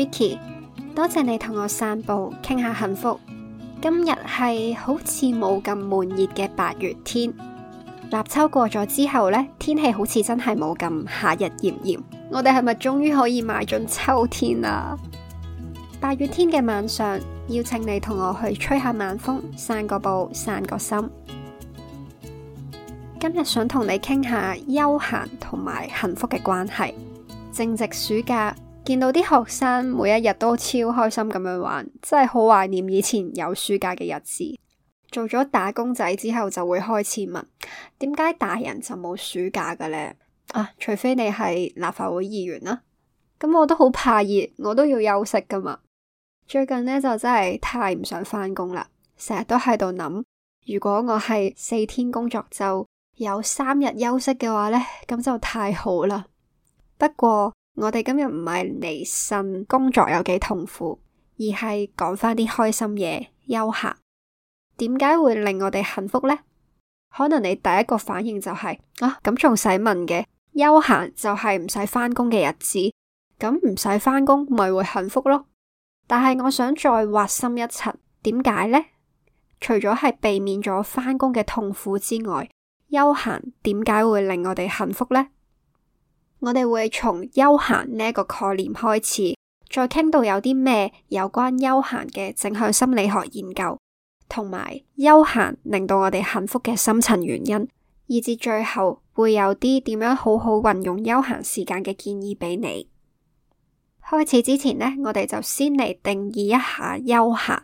Vicky，多謝你同我散步，傾下幸福。今日係好似冇咁悶熱嘅八月天，立秋過咗之後呢，天氣好似真係冇咁夏日炎炎。我哋係咪終於可以邁進秋天啦、啊？八月天嘅晚上，邀請你同我去吹下晚風，散個步，散個心。今日想同你傾下休閒同埋幸福嘅關係。正值暑假。見到啲學生每一日都超開心咁樣玩，真係好懷念以前有暑假嘅日子。做咗打工仔之後，就會開始問：點解大人就冇暑假嘅咧？啊，除非你係立法會議員啦、啊。咁我都好怕熱，我都要休息噶嘛。最近咧就真係太唔想返工啦，成日都喺度諗：如果我係四天工作週有三日休息嘅話咧，咁就太好啦。不過，我哋今日唔係嚟信工作有幾痛苦，而係講翻啲開心嘢。休閒點解會令我哋幸福咧？可能你第一個反應就係、是、啊，咁仲使問嘅？休閒就係唔使翻工嘅日子，咁唔使翻工咪會幸福咯？但係我想再挖深一層，點解咧？除咗係避免咗翻工嘅痛苦之外，休閒點解會令我哋幸福咧？我哋會從休閒呢個概念開始，再傾到有啲咩有關休閒嘅正向心理學研究，同埋休閒令到我哋幸福嘅深層原因，以至最後會有啲點樣好好運用休閒時間嘅建議畀你。開始之前呢，我哋就先嚟定義一下休閒，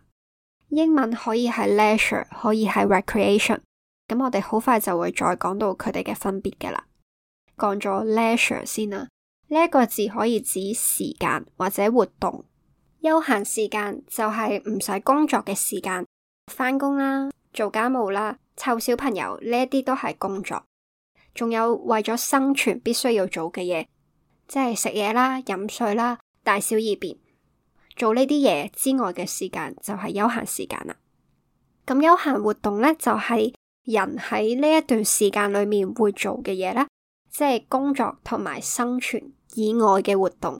英文可以係 leisure，可以係 recreation。咁我哋好快就會再講到佢哋嘅分別㗎喇。講咗 leisure 先啦，呢一個字可以指時間或者活動。休閒時間就係唔使工作嘅時間，返工啦、做家務啦、湊小朋友呢一啲都係工作。仲有為咗生存必須要做嘅嘢，即係食嘢啦、飲水啦、大小二便，做呢啲嘢之外嘅時間就係休閒時間啦。咁休閒活動咧，就係人喺呢一段時間裏面會做嘅嘢啦。即係工作同埋生存以外嘅活動，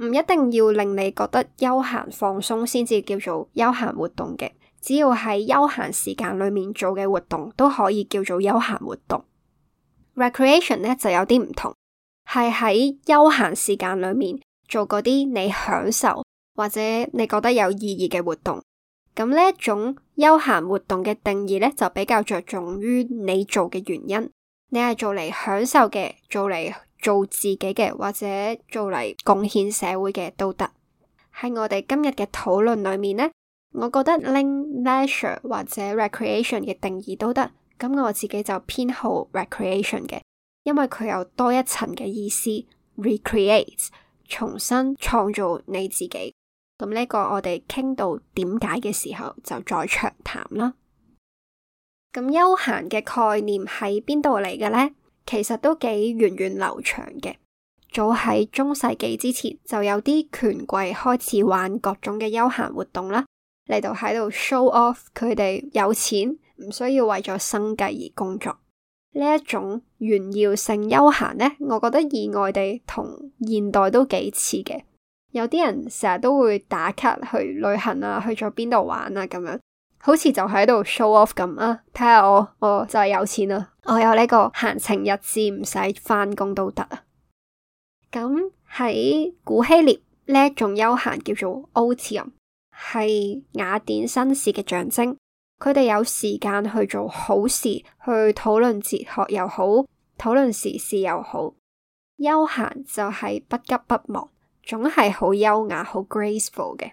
唔一定要令你覺得休閒放鬆先至叫做休閒活動嘅。只要喺休閒時間裏面做嘅活動都可以叫做休閒活動。Recreation 呢就有啲唔同，係喺休閒時間裏面做嗰啲你享受或者你覺得有意義嘅活動。咁呢一種休閒活動嘅定義呢，就比較着重於你做嘅原因。你係做嚟享受嘅，做嚟做自己嘅，或者做嚟貢獻社會嘅都得。喺我哋今日嘅討論裏面呢，我覺得 ling leisure 或者 recreation 嘅定義都得。咁我自己就偏好 recreation 嘅，因為佢有多一層嘅意思，recreate 重新創造你自己。咁呢個我哋傾到點解嘅時候就再長談啦。咁休閒嘅概念喺邊度嚟嘅呢？其實都幾源遠流長嘅，早喺中世紀之前就有啲權貴開始玩各種嘅休閒活動啦，嚟到喺度 show off 佢哋有錢，唔需要為咗生計而工作。呢一種炫耀性休閒呢，我覺得意外地同現代都幾似嘅。有啲人成日都會打卡去旅行啊，去咗邊度玩啊，咁樣。好似就喺度 show off 咁啊！睇下我，我就係有錢啦，我有呢個閒情逸致，唔使返工都得啊。咁喺古希臘呢一種休閒叫做 Otium，係雅典紳士嘅象徵。佢哋有時間去做好事，去討論哲學又好，討論時事又好。休閒就係不急不忙，總係好優雅、好 graceful 嘅。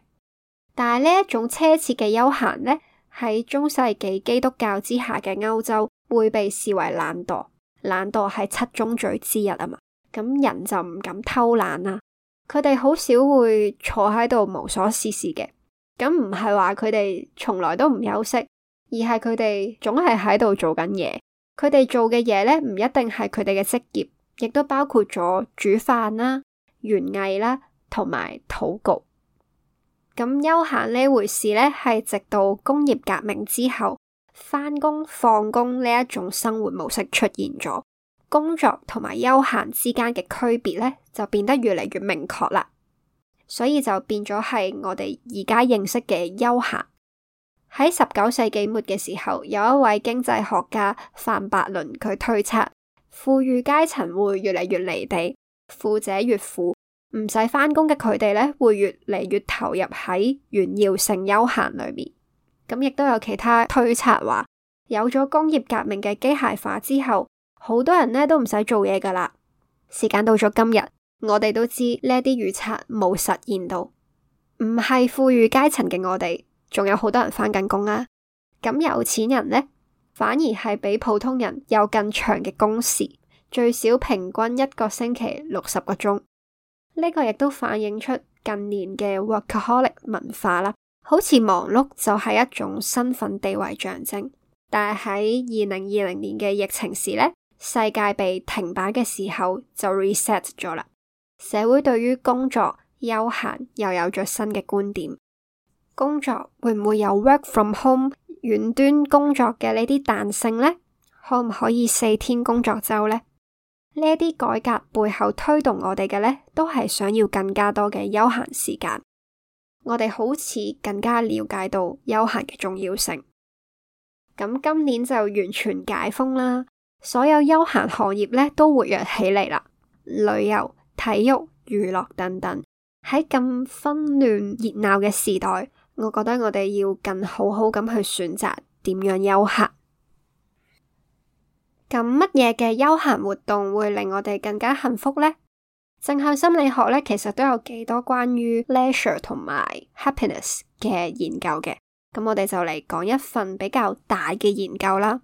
但係呢一種奢侈嘅休閒呢，喺中世紀基督教之下嘅歐洲，會被視為懶惰。懶惰係七宗罪之一啊嘛，咁人就唔敢偷懶啦、啊。佢哋好少會坐喺度無所事事嘅。咁唔係話佢哋從來都唔休息，而係佢哋總係喺度做緊嘢。佢哋做嘅嘢咧，唔一定係佢哋嘅職業，亦都包括咗煮飯啦、園藝啦，同埋禱告。咁休閒呢回事呢，係直到工業革命之後，翻工放工呢一種生活模式出現咗，工作同埋休閒之間嘅區別呢，就變得越嚟越明確啦。所以就變咗係我哋而家認識嘅休閒。喺十九世紀末嘅時候，有一位經濟學家范伯倫，佢推測富裕階層會越嚟越離地，富者越富。唔使返工嘅佢哋咧，會越嚟越投入喺炫耀性休閒裏面。咁亦都有其他推測話，有咗工業革命嘅機械化之後，好多人咧都唔使做嘢噶啦。時間到咗今日，我哋都知呢啲預測冇實現到，唔係富裕階層嘅我哋，仲有好多人返緊工啊。咁有錢人咧，反而係比普通人有更長嘅工時，最少平均一個星期六十個鐘。呢個亦都反映出近年嘅 workaholic 文化啦，好似忙碌就係一種身份地位象徵。但係喺二零二零年嘅疫情時咧，世界被停擺嘅時候就 reset 咗啦。社會對於工作、休閒又有咗新嘅觀點。工作會唔會有 work from home 遠端工作嘅呢啲彈性咧？可唔可以四天工作周咧？呢啲改革背後推動我哋嘅呢，都係想要更加多嘅休閒時間。我哋好似更加了解到休閒嘅重要性。咁今年就完全解封啦，所有休閒行業呢都活躍起嚟啦，旅遊、體育、娛樂等等。喺咁紛亂熱鬧嘅時代，我覺得我哋要更好好咁去選擇點樣休閒。咁乜嘢嘅休閒活動會令我哋更加幸福呢？正向心理學咧，其實都有幾多關於 leisure 同埋 happiness 嘅研究嘅。咁我哋就嚟講一份比較大嘅研究啦。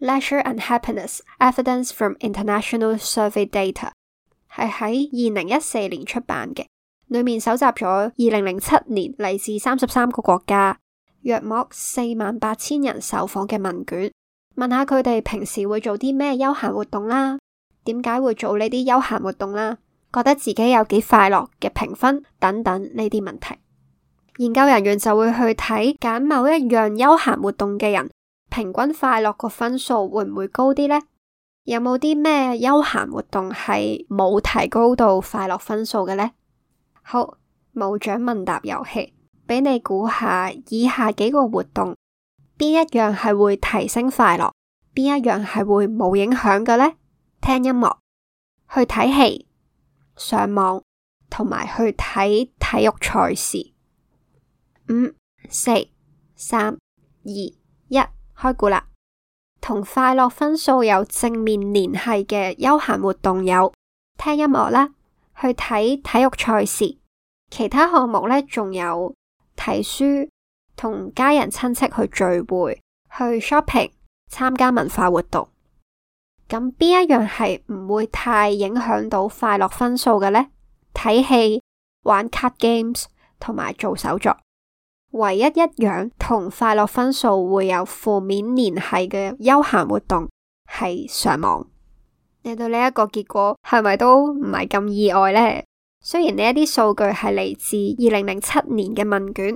Leisure and Happiness: Evidence from International Survey Data 係喺二零一四年出版嘅，裏面搜集咗二零零七年嚟自三十三個國家，約莫四萬八千人受訪嘅問卷。問下佢哋平時會做啲咩休閒活動啦？點解會做呢啲休閒活動啦？覺得自己有幾快樂嘅評分等等呢啲問題，研究人員就會去睇揀某一樣休閒活動嘅人平均快樂個分數會唔會高啲呢？有冇啲咩休閒活動係冇提高到快樂分數嘅呢？好，冇獎問答遊戲，俾你估下以下幾個活動。邊一樣係會提升快樂，邊一樣係會冇影響嘅咧？聽音樂、去睇戲、上網同埋去睇體育賽事。五四三二一，開估啦。同快樂分數有正面聯繫嘅休閒活動有聽音樂啦，去睇體育賽事。其他項目咧，仲有睇書。同家人、親戚去聚會、去 shopping、參加文化活動，咁邊一樣係唔會太影響到快樂分數嘅呢？睇戲、玩 card games 同埋做手作，唯一一樣同快樂分數會有負面聯繫嘅休閒活動係上網。你對呢一個結果係咪都唔係咁意外呢？雖然呢一啲數據係嚟自二零零七年嘅問卷。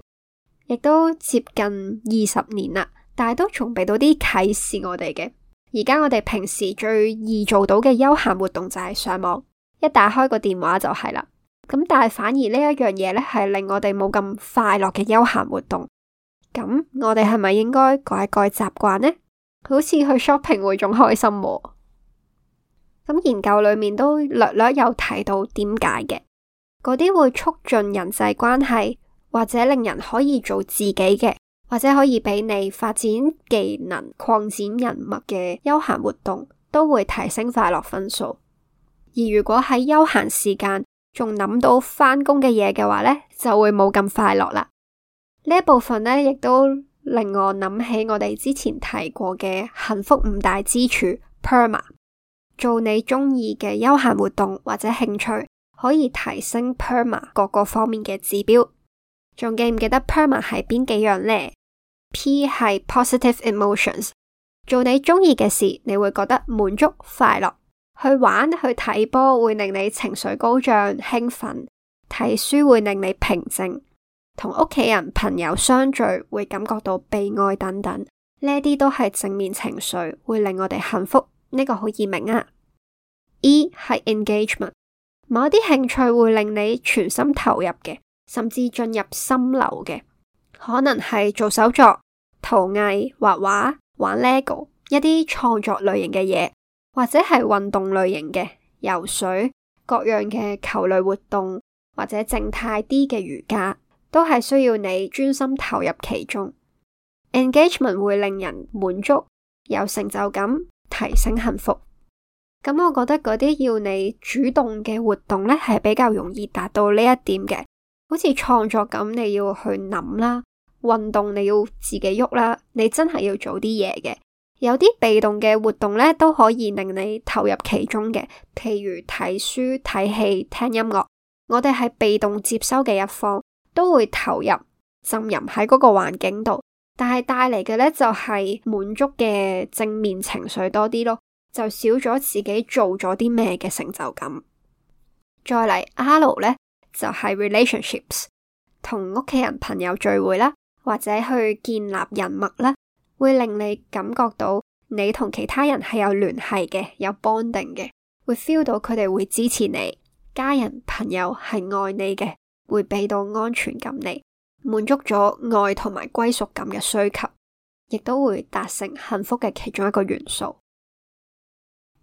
亦都接近二十年啦，但係都仲俾到啲啟示我哋嘅。而家我哋平時最易做到嘅休閒活動就係上網，一打開個電話就係啦。咁但係反而呢一樣嘢咧，係令我哋冇咁快樂嘅休閒活動。咁我哋係咪應該改一改習慣呢？好似去 shopping 會仲開心喎。咁研究裏面都略略有提到點解嘅，嗰啲會促進人際關係。或者令人可以做自己嘅，或者可以俾你發展技能、擴展人脈嘅休閒活動，都會提升快樂分數。而如果喺休閒時間仲諗到返工嘅嘢嘅話咧，就會冇咁快樂啦。呢一部分咧，亦都令我諗起我哋之前提過嘅幸福五大支柱。PERMA 做你鍾意嘅休閒活動或者興趣，可以提升 PERMA 各個方面嘅指標。仲記唔記得 PERMA 係邊幾樣呢 P 係 positive emotions，做你鍾意嘅事，你會覺得滿足快樂。去玩去睇波會令你情緒高漲、興奮；睇書會令你平靜；同屋企人、朋友相聚會感覺到被愛等等。呢啲都係正面情緒，會令我哋幸福。呢個好易明啊。E 係 engagement，某啲興趣會令你全心投入嘅。甚至進入心流嘅，可能係做手作、陶藝、畫畫、玩 LEGO 一啲創作類型嘅嘢，或者係運動類型嘅游水、各樣嘅球類活動，或者靜態啲嘅瑜伽，都係需要你專心投入其中。Engagement 會令人滿足、有成就感、提升幸福。咁我覺得嗰啲要你主動嘅活動咧，係比較容易達到呢一點嘅。好似創作咁，你要去諗啦，運動你要自己喐啦，你真係要做啲嘢嘅。有啲被動嘅活動咧，都可以令你投入其中嘅。譬如睇書、睇戲、聽音樂，我哋係被動接收嘅一方，都會投入浸淫喺嗰個環境度，但係帶嚟嘅咧就係滿足嘅正面情緒多啲咯，就少咗自己做咗啲咩嘅成就感。再嚟，阿盧咧。就係 relationships 同屋企人、朋友聚會啦，或者去建立人脈啦，會令你感覺到你同其他人係有聯繫嘅，有 b 定嘅，會 feel 到佢哋會支持你，家人朋友係愛你嘅，會畀到安全感你，滿足咗愛同埋歸屬感嘅需求，亦都會達成幸福嘅其中一個元素。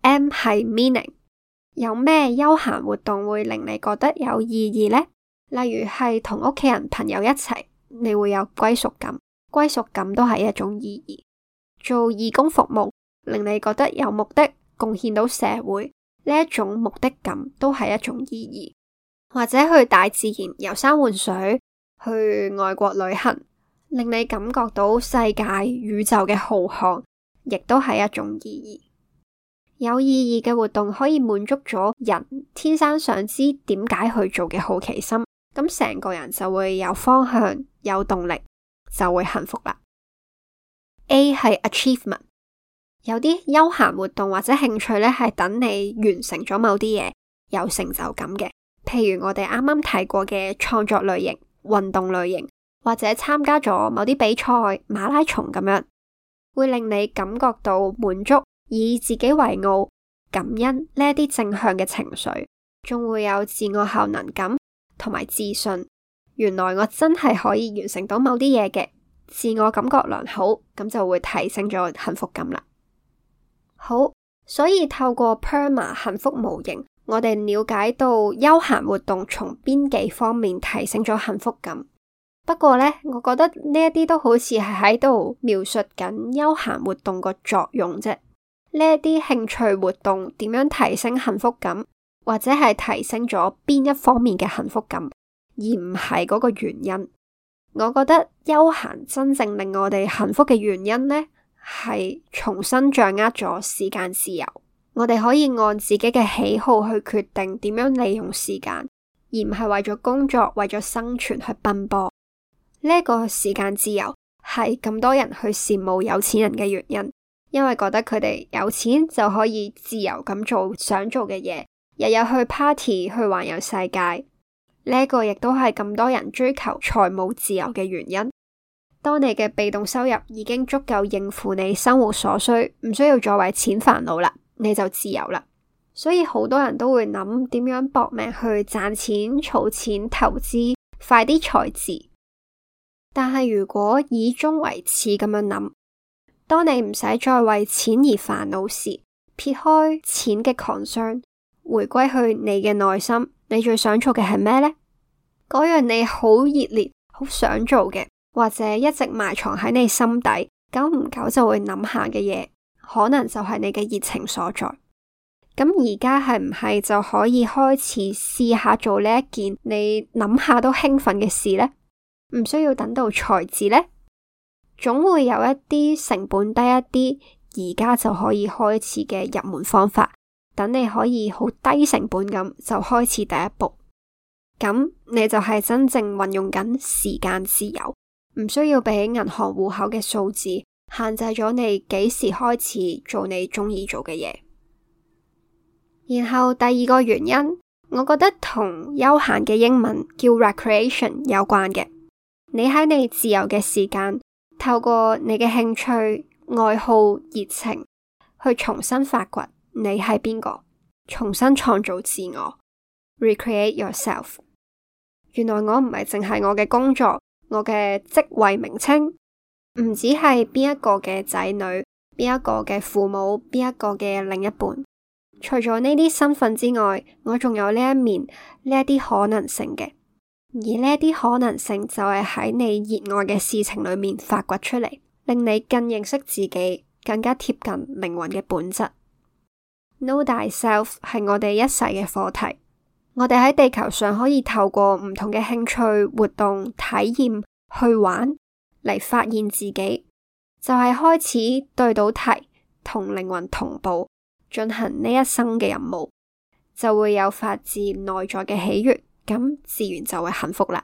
M 係 meaning。有咩休閒活動會令你覺得有意義呢？例如係同屋企人、朋友一齊，你會有歸屬感，歸屬感都係一種意義。做義工服務，令你覺得有目的，貢獻到社會，呢一種目的感都係一種意義。或者去大自然遊山玩水，去外國旅行，令你感覺到世界宇宙嘅浩瀚，亦都係一種意義。有意義嘅活動可以滿足咗人天生想知點解去做嘅好奇心，咁成個人就會有方向，有動力，就會幸福啦。A 係 achievement，有啲休閒活動或者興趣咧，係等你完成咗某啲嘢，有成就感嘅，譬如，我哋啱啱提過嘅創作類型、運動類型，或者參加咗某啲比賽、馬拉松咁樣，會令你感覺到滿足。以自己為傲、感恩呢一啲正向嘅情緒，仲會有自我效能感同埋自信。原來我真係可以完成到某啲嘢嘅自我感覺良好，咁就會提升咗幸福感啦。好，所以透過 PERMA 幸福模型，我哋了解到休閒活動從邊幾方面提升咗幸福感。不過呢，我覺得呢一啲都好似係喺度描述緊休閒活動個作用啫。呢一啲興趣活動點樣提升幸福感，或者係提升咗邊一方面嘅幸福感，而唔係嗰個原因。我覺得休閒真正令我哋幸福嘅原因呢，係重新掌握咗時間自由。我哋可以按自己嘅喜好去決定點樣利用時間，而唔係為咗工作、為咗生存去奔波。呢一個時間自由係咁多人去羨慕有錢人嘅原因。因為覺得佢哋有錢就可以自由咁做想做嘅嘢，日日去 party 去環遊世界，呢個亦都係咁多人追求財務自由嘅原因。當你嘅被動收入已經足夠應付你生活所需，唔需要再為錢煩惱啦，你就自由啦。所以好多人都會諗點樣搏命去賺錢、儲錢、投資，快啲財智。但係如果以終為始咁樣諗。當你唔使再為錢而煩惱時，撇開錢嘅狂想，回歸去你嘅內心，你最想做嘅係咩呢？嗰樣你好熱烈、好想做嘅，或者一直埋藏喺你心底，久唔久就會諗下嘅嘢，可能就係你嘅熱情所在。咁而家係唔係就可以開始試下做呢一件你諗下都興奮嘅事呢？唔需要等到才智呢。總會有一啲成本低一啲，而家就可以開始嘅入門方法，等你可以好低成本咁就開始第一步。咁你就係真正運用緊時間自由，唔需要俾銀行戶口嘅數字限制咗你幾時開始做你鍾意做嘅嘢。然後第二個原因，我覺得同休閒嘅英文叫 recreation 有關嘅，你喺你自由嘅時間。透過你嘅興趣、愛好、熱情，去重新發掘你係邊個，重新創造自我。Re-create yourself。原來我唔係淨係我嘅工作，我嘅職位名稱，唔只係邊一個嘅仔女，邊一個嘅父母，邊一個嘅另一半。除咗呢啲身份之外，我仲有呢一面，呢一啲可能性嘅。而呢啲可能性就係喺你熱愛嘅事情裏面發掘出嚟，令你更認識自己，更加貼近靈魂嘅本質。Know thyself 係我哋一世嘅課題。我哋喺地球上可以透過唔同嘅興趣活動體驗去玩嚟發現自己，就係、是、開始對到題，同靈魂同步進行呢一生嘅任務，就會有發自內在嘅喜悅。咁自然就會幸福啦。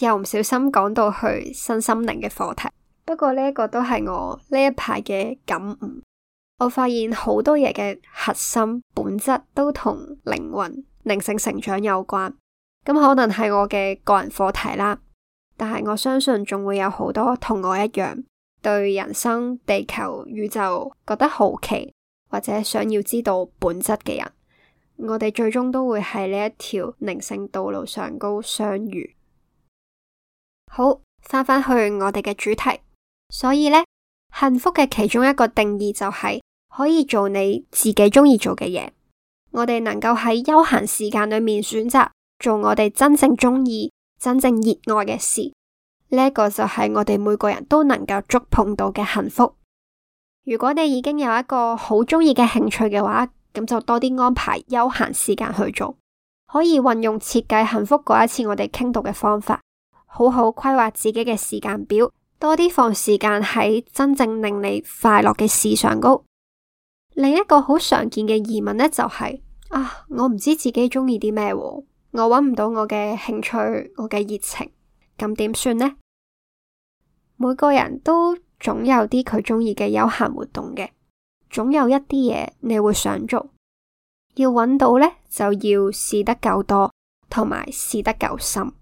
又唔小心講到去身心靈嘅課題，不過呢一個都係我呢一排嘅感悟。我發現好多嘢嘅核心本質都同靈魂、靈性成長有關。咁可能係我嘅個人課題啦，但係我相信仲會有好多同我一樣對人生、地球、宇宙覺得好奇或者想要知道本質嘅人。我哋最終都會喺呢一條靈性道路上高相遇。好，翻返去我哋嘅主題。所以呢，幸福嘅其中一個定義就係、是、可以做你自己鍾意做嘅嘢。我哋能夠喺休閒時間裏面選擇做我哋真正鍾意、真正熱愛嘅事，呢、這、一個就係我哋每個人都能夠觸碰到嘅幸福。如果你已經有一個好鍾意嘅興趣嘅話，咁就多啲安排休閒時間去做，可以運用設計幸福嗰一次我哋傾到嘅方法，好好規劃自己嘅時間表，多啲放時間喺真正令你快樂嘅事上高。另一個好常見嘅疑問呢，就係啊，我唔知自己鍾意啲咩喎，我揾唔到我嘅興趣，我嘅熱情，咁點算呢？每個人都總有啲佢鍾意嘅休閒活動嘅。總有一啲嘢，你會想做，要揾到呢，就要試得夠多，同埋試得夠深。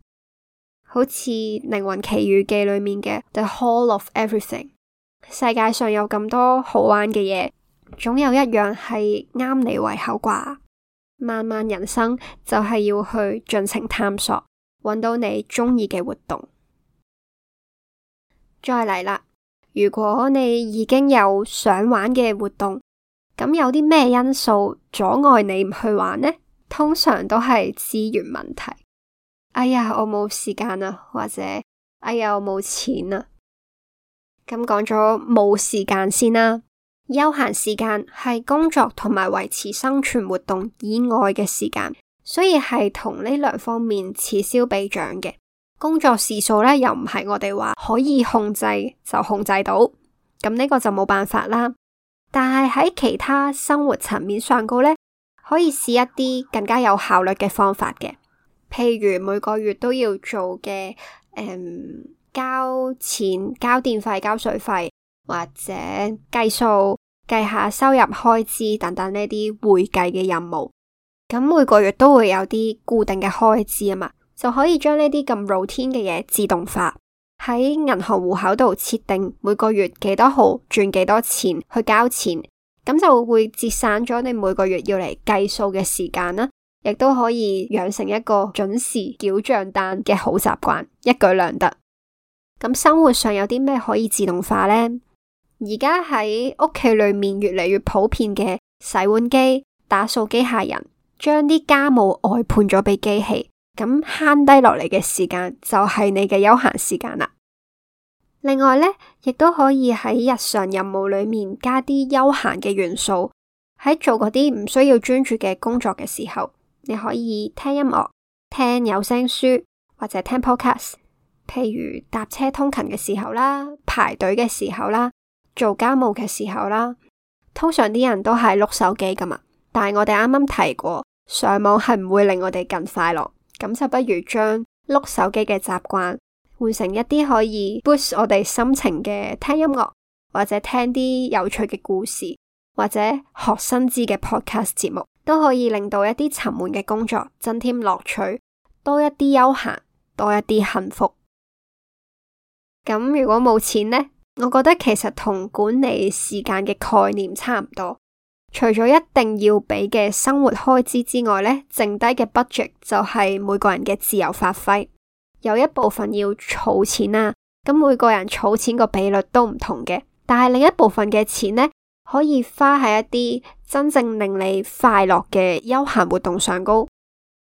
好似《靈魂奇遇記》裏面嘅 The Hall of Everything，世界上有咁多好玩嘅嘢，總有一樣係啱你胃口啩。漫漫人生就係要去盡情探索，揾到你鍾意嘅活動。再嚟啦！如果你已經有想玩嘅活動，咁有啲咩因素阻礙你唔去玩呢？通常都係資源問題。哎呀，我冇時間啊，或者哎呀，我冇錢啊。咁講咗冇時間先啦。休閒時間係工作同埋維持生存活動以外嘅時間，所以係同呢兩方面此消彼長嘅。工作時數咧，又唔係我哋話可以控制就控制到，咁呢個就冇辦法啦。但係喺其他生活層面上高咧，可以試一啲更加有效率嘅方法嘅，譬如每個月都要做嘅，誒、嗯，交錢、交電費、交水費，或者計數、計下收入、開支等等呢啲會計嘅任務。咁每個月都會有啲固定嘅開支啊嘛。就可以將呢啲咁 routine 嘅嘢自動化，喺銀行戶口度設定，每個月幾多號轉幾多錢去交錢，咁就會節省咗你每個月要嚟計數嘅時間啦。亦都可以養成一個準時繳賬單嘅好習慣，一舉兩得。咁生活上有啲咩可以自動化呢？而家喺屋企裏面越嚟越普遍嘅洗碗機、打掃機械人，將啲家務外判咗俾機器。咁慳低落嚟嘅時間就係你嘅休閒時間啦。另外咧，亦都可以喺日常任務裏面加啲休閒嘅元素。喺做嗰啲唔需要專注嘅工作嘅時候，你可以聽音樂、聽有聲書或者聽 Podcast。譬如搭車通勤嘅時候啦、排隊嘅時候啦、做家務嘅時候啦，通常啲人都係碌手機噶嘛。但係我哋啱啱提過，上網係唔會令我哋更快樂。咁就不如將碌手機嘅習慣換成一啲可以 boost 我哋心情嘅聽音樂，或者聽啲有趣嘅故事，或者學新知嘅 podcast 節目，都可以令到一啲沉悶嘅工作增添樂趣，多一啲休閒，多一啲幸福。咁如果冇錢呢？我覺得其實同管理時間嘅概念差唔多。除咗一定要畀嘅生活開支之外呢，咧剩低嘅 budget 就係每個人嘅自由發揮。有一部分要儲錢啦、啊，咁每個人儲錢個比率都唔同嘅。但係另一部分嘅錢咧，可以花喺一啲真正令你快樂嘅休閒活動上高。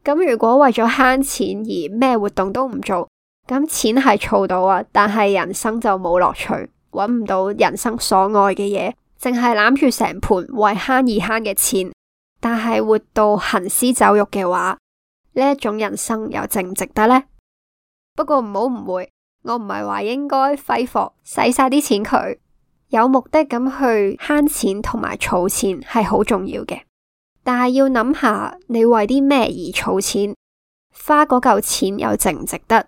咁如果為咗慳錢而咩活動都唔做，咁錢係儲到啊，但係人生就冇樂趣，搵唔到人生所愛嘅嘢。淨係攬住成盤為慳而慳嘅錢，但係活到行屍走肉嘅話，呢一種人生又值唔值得呢？不過唔好誤會，我唔係話應該揮霍使晒啲錢佢，有目的咁去慳錢同埋儲錢係好重要嘅，但係要諗下你為啲咩而儲錢，花嗰嚿錢又值唔值得？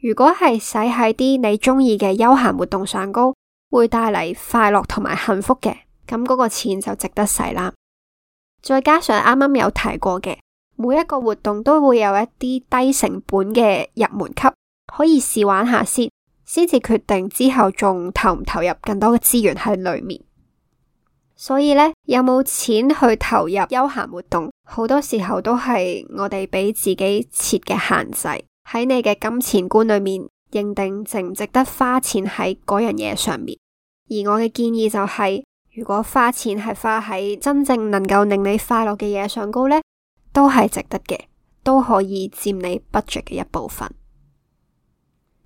如果係使喺啲你鍾意嘅休閒活動上高。會帶嚟快樂同埋幸福嘅，咁嗰個錢就值得使啦。再加上啱啱有提過嘅，每一個活動都會有一啲低成本嘅入門級，可以試玩下先，先至決定之後仲投唔投入更多嘅資源喺裏面。所以呢，有冇錢去投入休閒活動，好多時候都係我哋俾自己設嘅限制。喺你嘅金錢觀裏面，認定值唔值得花錢喺嗰樣嘢上面。而我嘅建議就係、是，如果花錢係花喺真正能夠令你快樂嘅嘢上高呢，都係值得嘅，都可以佔你 budget 嘅一部分。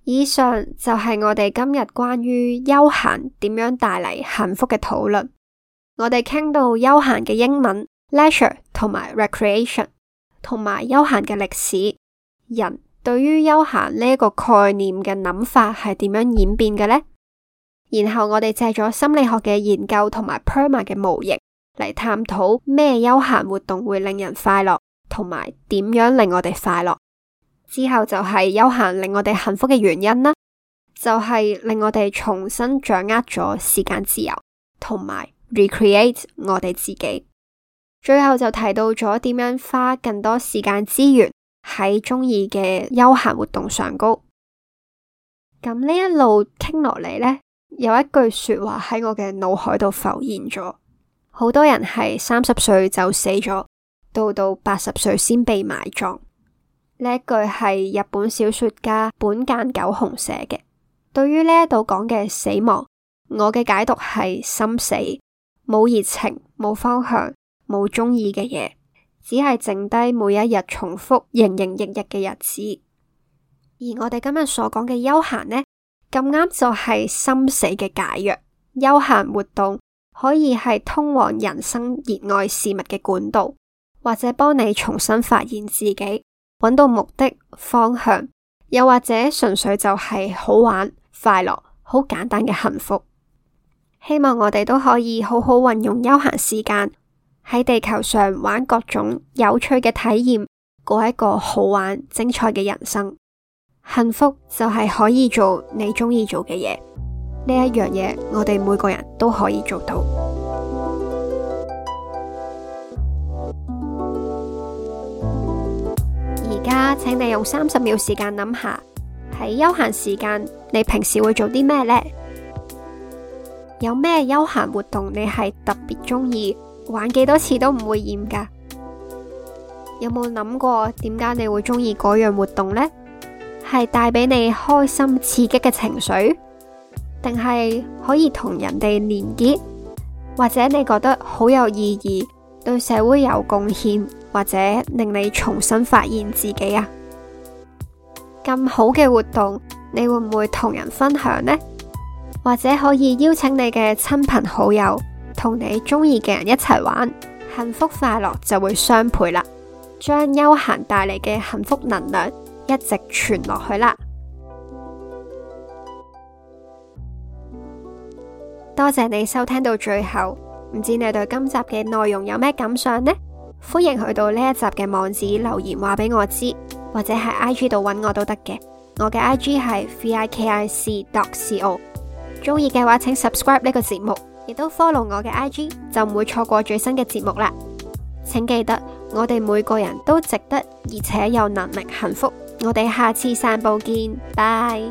以上就係我哋今日關於休閒點樣帶嚟幸福嘅討論。我哋傾到休閒嘅英文 Leisure 同埋 Recreation，同埋休閒嘅歷史，人對於休閒呢一個概念嘅諗法係點樣演變嘅呢？然後我哋借咗心理學嘅研究同埋 PERMA 嘅模型嚟探討咩休閒活動會令人快樂，同埋點樣令我哋快樂。之後就係休閒令我哋幸福嘅原因啦，就係、是、令我哋重新掌握咗時間自由，同埋 recreate 我哋自己。最後就提到咗點樣花更多時間資源喺鍾意嘅休閒活動上高。咁呢一路傾落嚟呢。有一句說話喺我嘅腦海度浮現咗，好多人係三十歲就死咗，到到八十歲先被埋葬。呢一句係日本小說家本間久雄寫嘅。對於呢一度講嘅死亡，我嘅解讀係心死，冇熱情，冇方向，冇中意嘅嘢，只係剩低每一日重複、營營役役嘅日子。而我哋今日所講嘅休閒呢？咁啱就係心死嘅解藥。休閒活動可以係通往人生熱愛事物嘅管道，或者幫你重新發現自己，揾到目的方向，又或者純粹就係好玩、快樂、好簡單嘅幸福。希望我哋都可以好好運用休閒時間，喺地球上玩各種有趣嘅體驗，過一個好玩、精彩嘅人生。幸福就係可以做你中意做嘅嘢，呢一樣嘢，我哋每個人都可以做到。而家請你用三十秒時間諗下，喺休閒時間你平時會做啲咩呢？有咩休閒活動你係特別中意玩，幾多次都唔會厭㗎？有冇諗過點解你會中意嗰樣活動呢？係帶俾你開心刺激嘅情緒，定係可以同人哋連結，或者你覺得好有意義，對社會有貢獻，或者令你重新發現自己啊！咁好嘅活動，你會唔會同人分享呢？或者可以邀請你嘅親朋好友，同你中意嘅人一齊玩，幸福快樂就會雙倍啦！將休閒帶嚟嘅幸福能量。一直傳落去啦。多謝你收聽到最後，唔知你對今集嘅內容有咩感想呢？歡迎去到呢一集嘅網址留言，話俾我知，或者係 I G 度搵我都得嘅。我嘅 I G 係 v i k i c d o。中意嘅話，請 subscribe 呢個節目，亦都 follow 我嘅 I G，就唔會錯過最新嘅節目啦。請記得，我哋每個人都值得而且有能力幸福。我哋下次散步見，拜。